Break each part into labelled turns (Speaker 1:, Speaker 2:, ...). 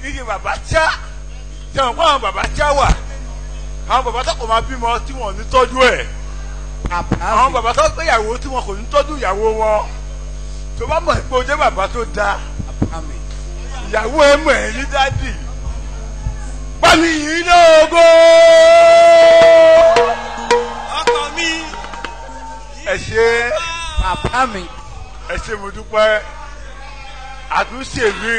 Speaker 1: oríṣiríṣi bàbá tíá jẹun kó àwọn bàbá tíá wà àwọn bàbá tó kò máa bímọ tí wọn ní tọ́jú ẹ̀ àwọn bàbá tó gbéyàwó tí wọn kò ní tọ́jú ìyàwó wọn tó bá mọ̀ pé o jẹ́ bàbá tó da ìyàwó ẹ mọ̀ ẹ́ ní dádì pẹ̀lú yìí lógo. ọkọ mi. ẹ ṣe. bàbá mi. ẹ ṣe mo dúpẹ́ àtúnṣe mi.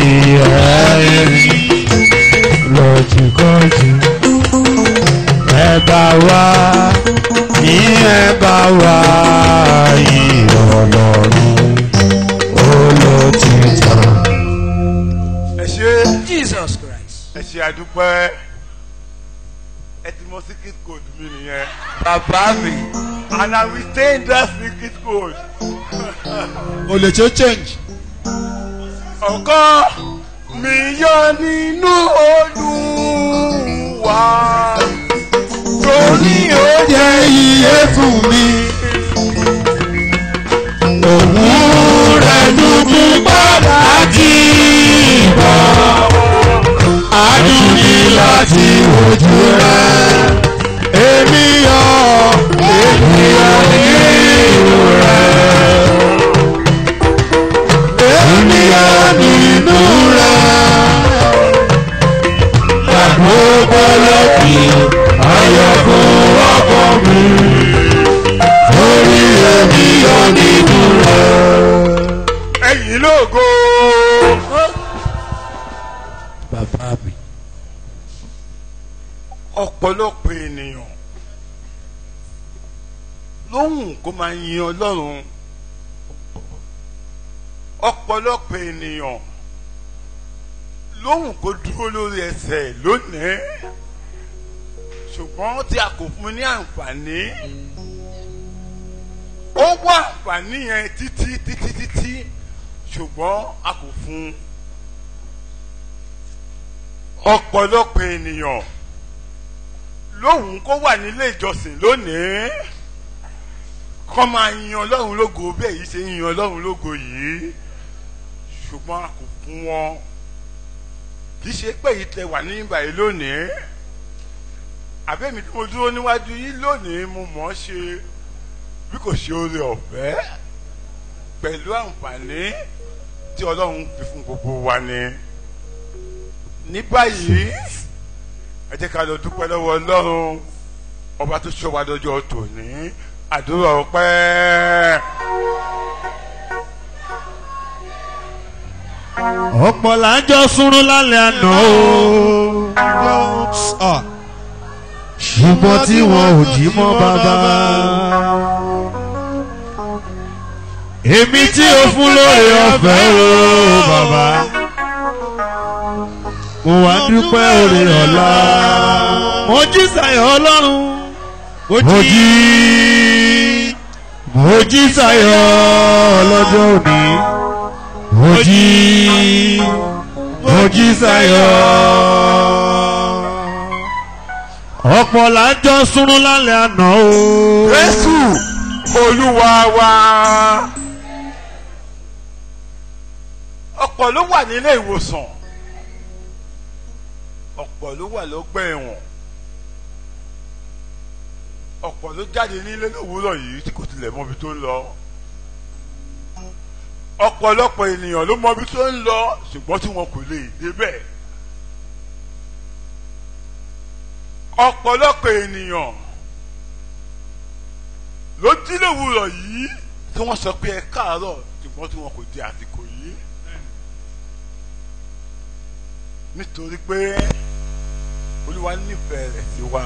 Speaker 2: ìhẹ́rì ẹ bá wá ní ẹ bá wá ìrọ̀lọ́run olótìtà. ẹ ṣe Jesus Christ. ẹ ṣe àdúpẹ́ ẹ ti mọ secret code mi nìyẹn.
Speaker 1: bàbá mi and I retain that secret code.
Speaker 2: o lè ṣe change ọkọ mi yọ nínú Olúwa torí ó jẹ́ iye fún mi òun rẹ̀ dúdú padà kí ìbọn adúlí láti ojú rẹ̀.
Speaker 1: ènìyàn ọlọ́run ọ̀pọ̀lọpọ̀ ènìyàn lóhùn kó dúró lórí ẹsẹ̀ lónìí ṣùgbọ́n tí a kò fún ní àǹfààní ó wá àǹfààní yẹn títí títí títí ṣùgbọ́n a kò fún ọ̀pọ̀lọpọ̀ ènìyàn lóhùn kó wà nílé ìjọsìn lónìí kọ́ máa yin ọlọ́run lógo bẹ́ẹ̀ yìí ṣe ń yin ọlọ́run lógo yìí ṣùgbọ́n a kò kún wọn kì í ṣe pé yìí tẹ wà ní ìbàyí lónìí àbẹ́mi tí mo dúró níwájú yìí lónìí mo mọ̀ ọ́ ṣe bí kò ṣe oore ọ̀fẹ́ pẹ̀lú àǹfààní tí ọlọ́run fi fún gbogbo wa ni ní báyìí ẹ jẹ́ ká lọ dúpẹ́ lọ́wọ́ ọlọ́run ọba tó ṣọ́ wa dọjọ́ tòní àdúrà
Speaker 2: ọpẹ́. ọ̀pọ̀ là ń sunrun lálẹ́ àná o. Ah. ṣùgbọ́n tí wọn ò jí mọ́ bàbá. èmi tí o fún lóore ọ̀fẹ́ o bàbá. mo wá dúpẹ́ oore ọ̀la. mo jí sàyẹ̀ ọlọ́run. mo jí. Mojí Sayọ̀ ọlọ́jọ́ òní. Mojí Mojí Sayọ̀. Ọ̀pọ̀ lájọ́ súnrún lálẹ́ àná o. Jésù Olúwa wa.
Speaker 1: Ọ̀pọ̀ ló wà nílé ìwòsàn. Ọ̀pọ̀ ló wà lọ́gbà ọ̀pọ̀ ló jáde nílé lówùúrọ̀ yìí tí kò tilẹ̀ mọbi tó ń lọ ọ̀pọ̀lọpọ̀ ènìyàn ló mọbi tó ń lọ ṣùgbọ́n tí wọn kò lè débẹ̀ ọ̀pọ̀lọpọ̀ ènìyàn ló jí lówùúrọ̀ yìí tí wọ́n sọ pé ẹ káàárọ̀ ṣùgbọ́n tí wọn kò di àsìkò yìí nítorí pé olúwa nífẹ̀ẹ́ rẹ̀ sí wa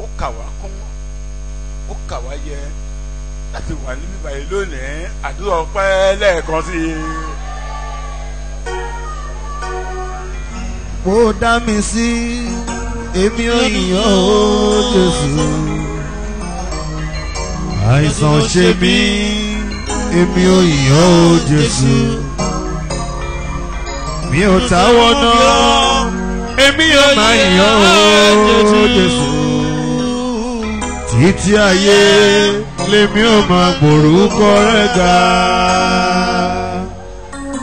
Speaker 1: ó kà wá kún ó kà wá yẹ láti wà níbí báyìí lónìí àdúrà ọpẹ́ lẹ́ẹ̀kan sí i.
Speaker 2: mo dá mi sí èmi ò yàn ó Jésù àìsàn ṣe mí èmi ò yàn ó Jésù mi ò táwọ́ náà èmi ò máa yàn ó Jésù ìtì ayé lèmi ò mọ gbòrúkọ rẹ ga.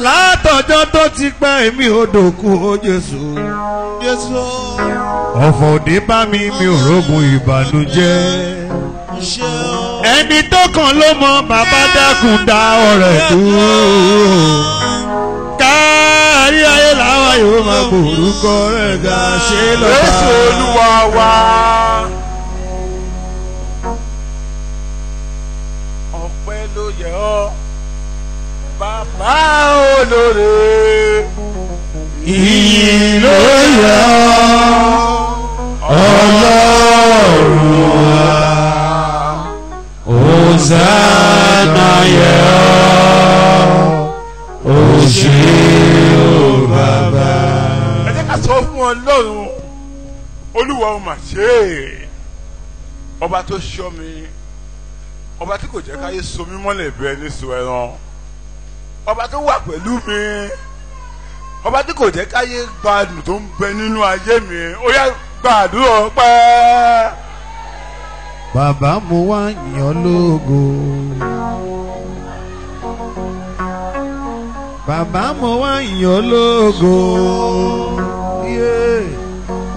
Speaker 2: látọjọ́ tó ti pẹ́ èmi ò dòkú ó Jésù ọ̀fọ̀ òde bá mi mi ò rógun ìbànújẹ́. ẹni tó kàn ló mọ bàbá dákun dá ọ̀rẹ́ dúró. kárí ayé làwa yóò máa gbòrúkọ rẹ ga ṣe lọ́ba. Jésù Olúwa wa. bàbá olóore. ìlóyà ọlọ́run wa òsánà yẹ ọ́ òṣè ó bàbá. ẹ jẹ́ ká sọ fún ọlọ́run
Speaker 1: olúwa ó mà ṣe é ọba tó ṣọ́ mi ọba tí kò jẹ́ káyé so mí bẹ́ẹ̀ ní so ẹran ọba tó wà pẹ̀lú mi ọba tí kò jẹ́ káyé gbádùn tó ń bẹ nínú ayé mi ó yá gbàdúrà ọpẹ́.
Speaker 2: bàbá mo wá yàn lógo. bàbá mo wá yàn lógo.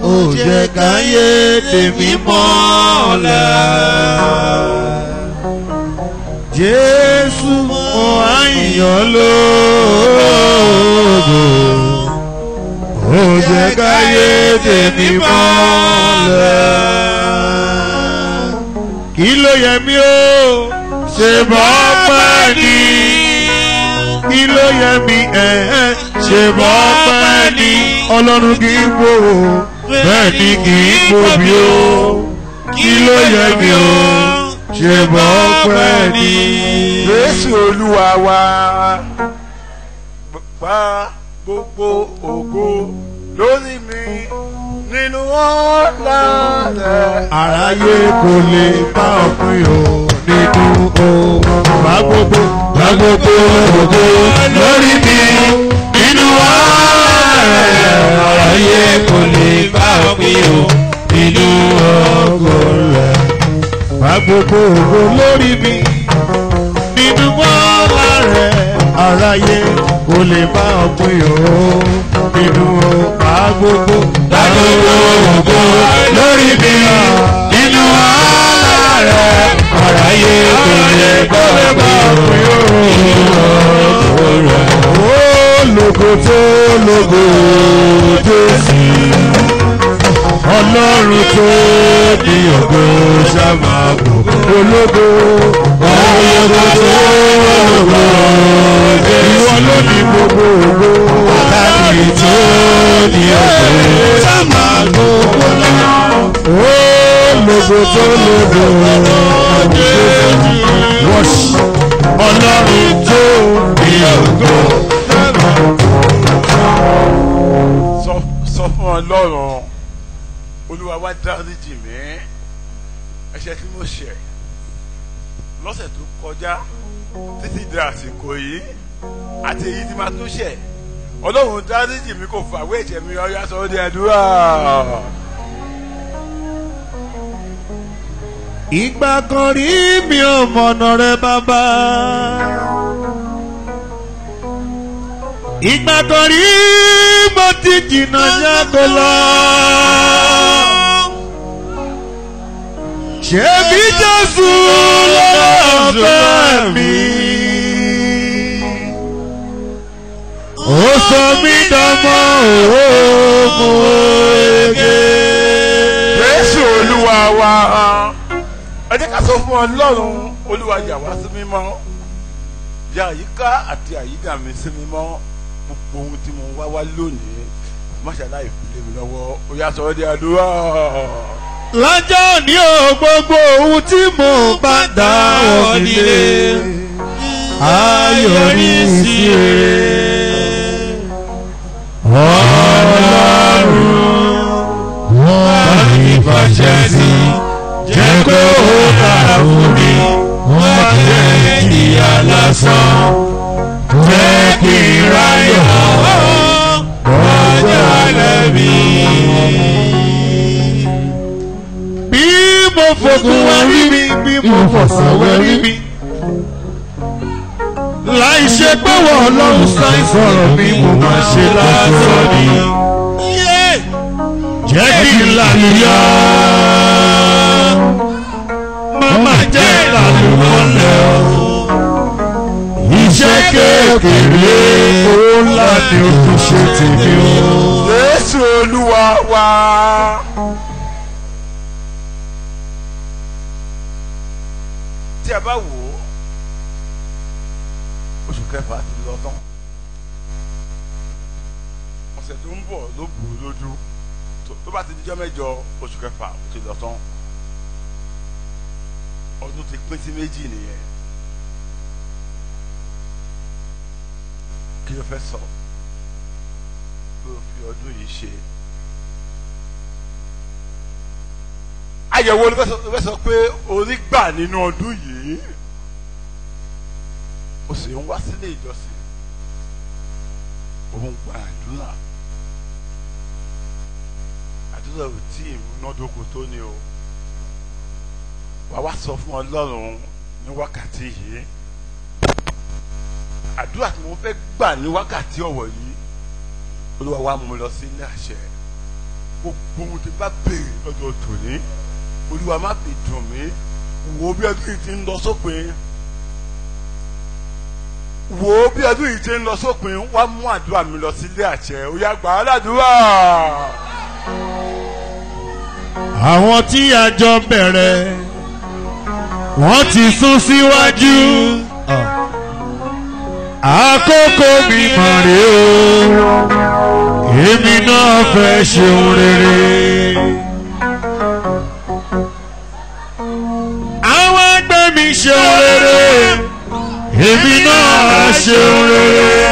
Speaker 2: ó jẹ́ káyé tèmi mọ́lẹ̀. jésù mo àyàn lógo ó káyé tèmi mọ́lẹ̀ kí ló yẹ mí o ṣe bọ́ pẹ́ ni kí ló yẹ mí ẹ̀ ẹ́ ṣe bọ́ pẹ́ ni ọlọ́run kì í wò bẹ́ẹ̀ ni kì í gbòbí o kí ló yẹ mí o ṣùgbọ́n pẹ́ ni Jésù Olúwa wa gba gbogbo ògo lórí mi nínú ọ̀la rẹ̀. àráyé kò lè bá òpin o nínú o gba gbogbo gba gbogbo ògo lórí mi nínú ọ̀la rẹ̀. àráyé kò lè bá òpin o nínú ògo rẹ̀. Bá gbogbo ògo lórí mi nínú bọ́lá rẹ̀ aráyé kò lè bá ọpẹ́ o nínú bá gbogbo. Bá gbogbo ògo lórí mi nínú bọ́lá rẹ̀ aráyé kò lè bá ọpẹ́ o nínú ọ̀pọ̀ rẹ̀. Ó lógo tó lógo Jésù ọlọ́run tó ní ògo ológo. ológo tó lọ́wọ́ jésù. ìwọ ló ní gbogbo ògo. àtàkì tó ní ògo. sábà gbogbo náà. ológo tó lọ́wọ́ jésù. wọ́ọ̀ṣì ọlọ́run tó ní ògo. sọ fún ọlọ́run
Speaker 1: olúwa wá dáríjì mi ẹ̀ṣẹ̀ tí mo ṣẹ̀ lọ́sẹ̀ tó kọjá títí di àsìkò yìí àti èyí tí máa tó ṣẹ̀ ọlọ́run dáríjì mi kò fàwé ẹ̀jẹ̀ mi ọyá sọ di àdúrà.
Speaker 2: ìgbà kan rí mi ò mọ̀nà rẹ bàbá. ìgbà kan rí mo ti jìnnà yàgò lọ ṣebí jésù ló fẹ́ mi. ó sọ mí dánmọ́ òwò mú ege. jésù olúwa wa ẹ jẹ́ ká sọ fún ọlọ́run
Speaker 1: olúwa yà wá sí mímọ́ yà àyíká àti àyíká mi sí mímọ́ gbogbo ohun tí mo wá wá lónìí má aláìfilé mi lọ́wọ́ ó yà sọ ọ́ di àdúrà
Speaker 2: lọ́jọ́ ní o gbogbo ohun tí mò ń bá dá wọn nílé ayọ̀ ní sí rẹ̀ ọlọ́run wọ́n bá mi bàjẹ́ sí jẹ́ pé ó kà mi wọ́n jẹ́ ìyá lásán. ìgbógun orí mi bí mo fọ̀sán wẹ̀rí mi. láì ṣe pé wọ́n ọlọ́run sáìsàn mi mo máa ṣe lásán ni. jẹ́ kí n lálùyá. màmá jẹ́ ìlàlùmọ́lẹ̀ o. iṣẹ́ kékeré owó ńlá ni o tún ṣe tèmi o. Jésù Olúwa wa.
Speaker 1: a bá wò ó oṣù kẹfà ti lọ tán ọ̀sẹ̀ tó ń bọ̀ ló bù ú lójú tó bá ti di jọ́mẹ́jọ oṣù kẹfà ó ti lọ tán ọdún ti pín sí méjì nìyẹn kí ló fẹ́ sọ pé o fi ọdún yìí ṣe. àyẹ̀wò olùfẹ́ sọ pé orí gbà nínú ọdún yìí o sì ń wá sílé ìjọsìn òun gba àdúrà àdúrà ò tí ì múnádóko tó ní o wàá wá sọ fún ọlọ́run ní wákàtí yìí àdúrà tí mo fẹ́ gbà ní wákàtí ọ̀wọ̀ yìí olúwa wa mú lọ sí ilé àṣẹ gbogbo ohun tí bá béèrè lọ́jọ́ tòní olúwa má fi dùn mí wò ó bí ọdún yìí ti ń lọ sópin wò ó bí ọdún yìí ti ń lọ sópin wá mú àdúrà mi lọ sílé àṣẹ ó gbà á ládùúrà.
Speaker 2: àwọn tí a jọ bẹ̀rẹ̀ wọ́n ti sún síwájú. àkókò mi mọ̀ rèé o èmi náà fẹ́ ṣeun rere. èmi náà ṣeun rere.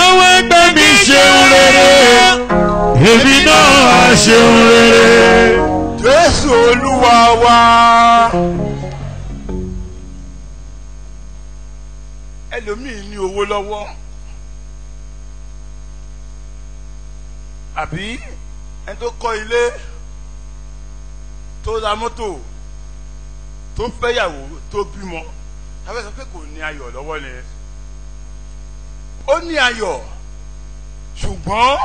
Speaker 2: àwọn ẹgbẹ́ mi ṣeun rere èmi náà ṣeun rere. Jésù Olúwa wa.
Speaker 1: ẹlòmíì ní owó lọ́wọ́ àbí ẹni tó kọ́ ilé tó ra mọ́tò tó fẹ́yàwó tó bímọ abẹ́ sọ pé kò ní ayọ̀ lọ́wọ́ ni ó ní ayọ̀ ṣùgbọ́n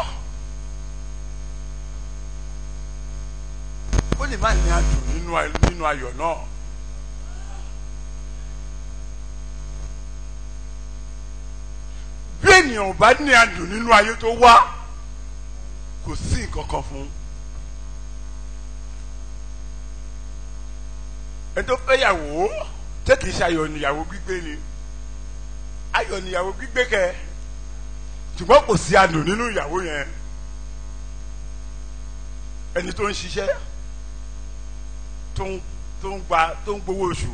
Speaker 1: ó lè má ní adùn nínú ayọ̀ náà. bí ènìyàn ò bá ní adùn nínú ayé tó wá kò sí nǹkan kan fún un. ẹni tó fẹ́ yàwó ṣé kìí ṣe ayọ̀ níyàwó gbígbé ni ayọ̀ níyàwó gbígbé kẹ ṣùgbọ́n kò sí adùn nínú ìyàwó yẹn ẹni tó ń ṣiṣẹ́ tó ń tó ń gba tó ń gbowó oṣù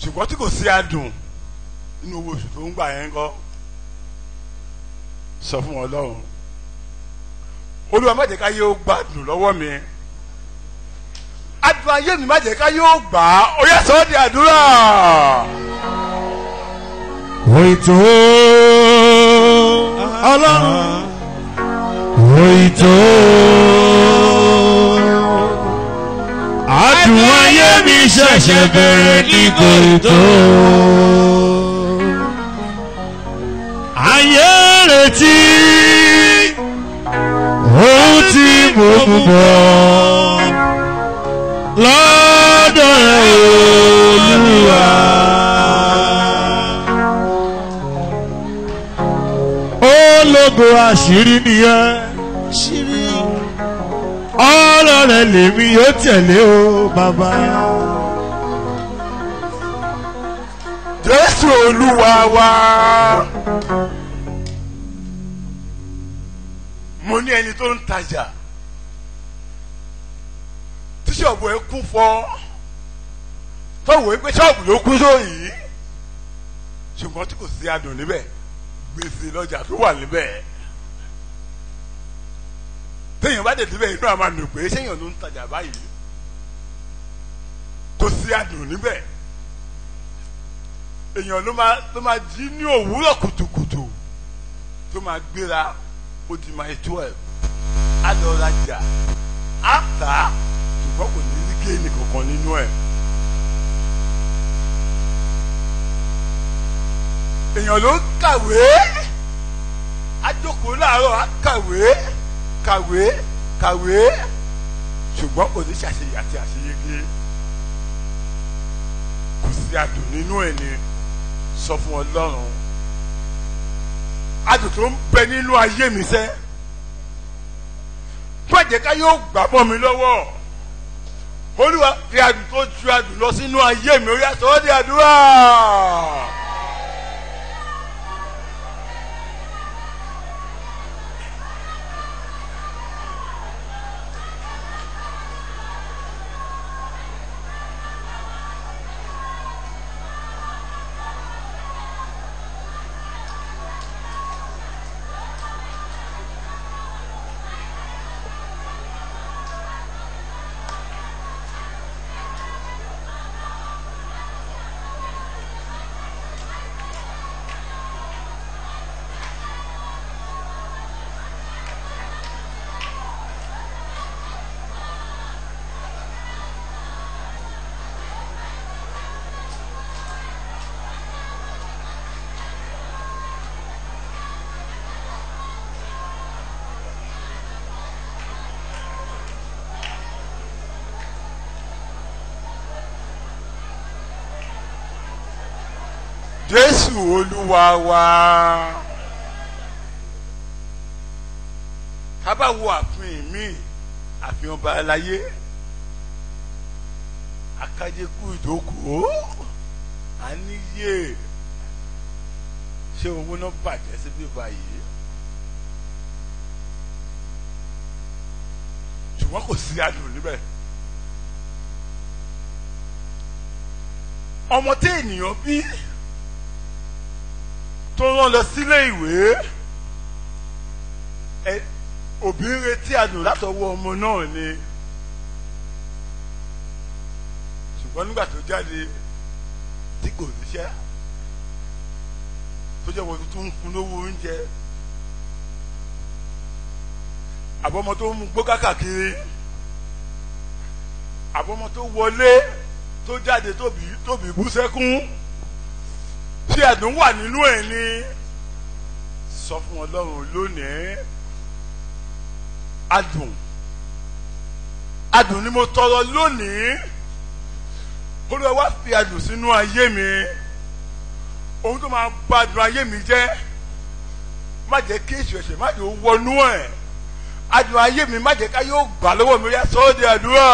Speaker 1: ṣùgbọ́n tí kò sí adùn nínú owó oṣù tó ń gbà yẹn kọ́ sọ fún Ọlọ́run olúwa má jẹ́ ká yóò gbádùn lọ́wọ́ mi àdúrà ayé mi má jẹ́ ká yóò gbà á ó yẹ sọ́ di àdúrà.
Speaker 2: òyìntò ọlọ́run òyìntò àdúrà ayé mi ṣẹ̀ṣẹ̀ bẹ̀rẹ̀ ní kòtò. ayé retí púpọ̀ lọ́dọ̀ Olúwa. ológo àṣírí nìyẹn ọ̀rọ̀ rẹ̀ lèmi yóò tẹ̀lé o bàbá. Jésù Olúwa wa.
Speaker 1: mo ní ẹni tó ń tajà ṣọ́ọ̀bù ẹ kún fọ́ tọ́wọ́ pé ṣọ́ọ̀bù ló kún sóyìí ṣùgbọ́n tí kò sí adùn níbẹ̀ gbèsè lọ́jà tó wà níbẹ̀ téèyàn bá dẹ̀ síbẹ̀ inú àmà nù pé séèyàn ló ń tajà báyìí kò sí adùn níbẹ̀ èèyàn ló máa ló máa jí ní òwúrọ̀ kùtùkùtù tó máa gbéra ó di máa twelve á lọ rajà á tà á ṣùgbọ́n kò ní sí géènì kankan nínú ẹ̀. èèyàn ló ń kàwé ajókòó láàárọ̀ á kàwé kàwé kàwé ṣùgbọ́n kò ní ṣàṣeyẹ àti àṣeyege kò sí adùn nínú ẹ̀ ni sọ fún ọlọ́run adùn tó ń bẹ nínú ayé mi sẹ́ pẹ̀jẹ̀ ká yóò gbà bọ́ mi lọ́wọ́ olúwa fi àdùn tó ju àdùn lọ sínú ayé mi ó yà sọ́ọ́ di àdúrà. Jesu, Oluwa, wa kaba wo àfihàn mi àfihàn ọba aláyé akájẹkù ìdókòó à ń níyè ṣé owó náà bàjẹ́ síbí báyìí ṣùgbọ́n kò sí adùn ọmọ tí ènìyàn bí tó rán lọ sílé ìwé òbí ń retí àdùn látọwọ́ ọmọ náà ni ṣùgbọ́n nígbà tó jáde tí kò níṣẹ́ tó jẹ́ wọ́n tó ń kun lówó oúnjẹ àbọ̀mọ tó ń mu gbó kákàkiri àbọ̀mọ tó wọlé tó jáde tóbi tóbi bú sẹ́kún tí ẹ̀dùn wà nínú ẹ̀ ni sọ fún ọlọ́run lónìí adùn adùn ni mo tọrọ lónìí kó ló wá fi adùn sínú ayé mi ohun tó máa bà adùn ayé mi jẹ́ má jẹ́ kí èsì ẹ̀sẹ̀ má jẹ́ ó wọnú ẹ̀ adùn ayé mi má jẹ́ ká yóò gbà lọ́wọ́ mi yá sọ́ọ́ di àdúrà.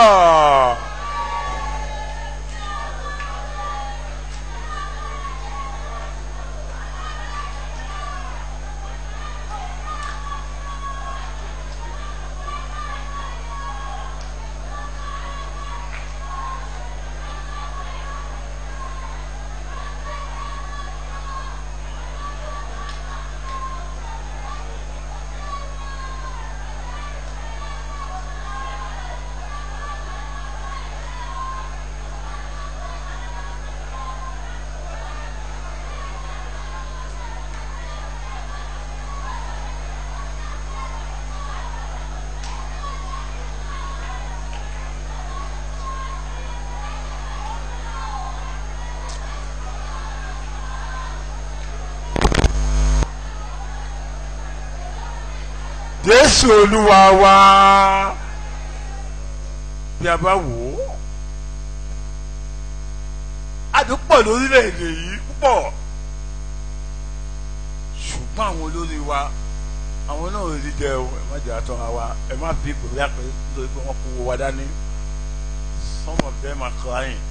Speaker 1: jésù Oluwawa, yaba wo. a bá wò ó àdúpọ̀ lórílẹ̀‐èdè yìí púpọ̀ ṣùgbọ́n àwọn olórí wa àwọn náà rí jẹ o ẹ má jẹ àtọ́ra wa ẹ má bí ìpòrí àpè lórí pé wọ́n kó wo wa dání some of them are crying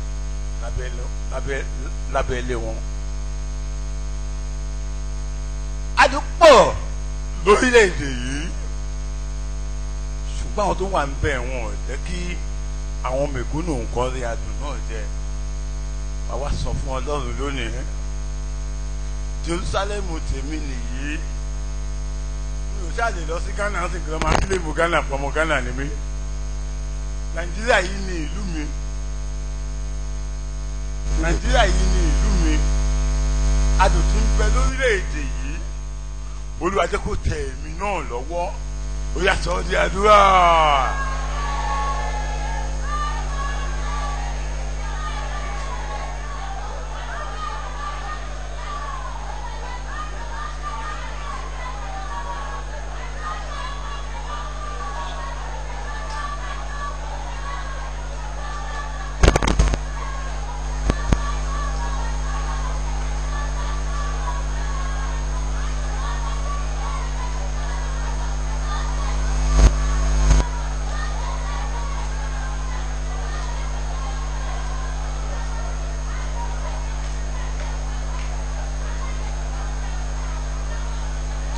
Speaker 1: lábẹ́ ilé wọn. àdúpọ̀ lórílẹ̀‐èdè yìí ṣùgbọ́n àwọn tó wà ń bẹ̀ wọn ò jẹ́ kí àwọn mẹ̀kúnnù nǹkan rí adùn náà jẹ àwa sọ fún ọlọ́run lónìí Jerúsálẹ́mù tèmi nìyí mi ò ṣáà lè lọ sí Ghana sí kí wọ́n máa kílè mu Ghana pọmọ Ghana ni mí Nàìjíríà yìí ni ìlú mi Nàìjíríà yìí ni ìlú mi adùn tún bẹ lórílẹ̀‐èdè yìí Olúwa jẹ́ kó tẹ̀ èmi náà lọ́wọ́ ó yàtọ̀ di àdúrà.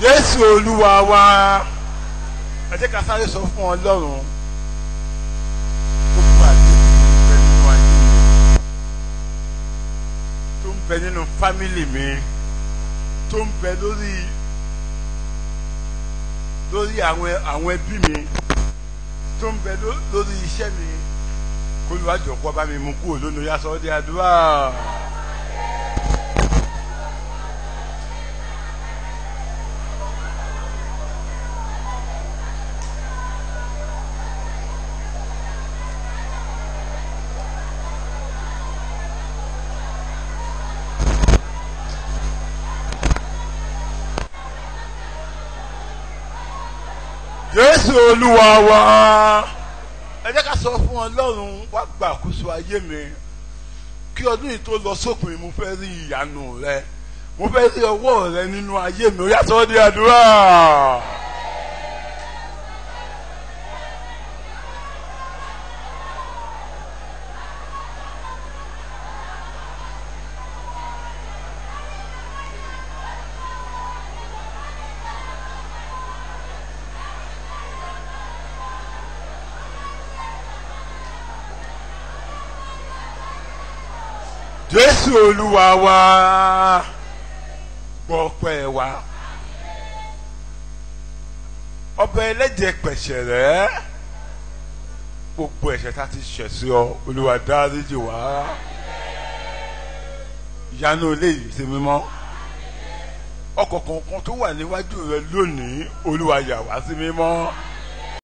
Speaker 1: jésù olúwa wa ẹ jẹ́ ká sáré sọ fún ọlọ́run. bẹ nínú fámìlì mi tó ń bẹ lórí lórí àwọn àwọn ẹbí mi tó ń bẹ lórí iṣẹ́ mi kó lùwájú ọ̀pọ̀ bá mi mú kúrò lónìí yá sọ́ọ́ di àdúrà. jésù olúwa wa. ẹ jẹ́ ká sọ fún ọlọ́run wá gba àkóso ayé mi kí ọdún yìí tó lọ sópin mo fẹ́ rí ìyanu rẹ mo fẹ́ rí ọwọ́ rẹ nínú ayé mi ó yá sọ di àdúrà. jésù olúwa wa gbọ́ ọpẹ́ wa ọba ẹlẹ́jẹ̀ pẹ̀ṣẹ̀ rẹ̀ gbogbo ẹ̀ṣẹ̀ tá a ti ṣẹ̀ sí ọ olúwa dáríjì wá ìyanu eléyìí ti mímọ́
Speaker 2: ọkọ̀ tó wà níwájú rẹ lónìí olúwa yà wá sí mímọ́.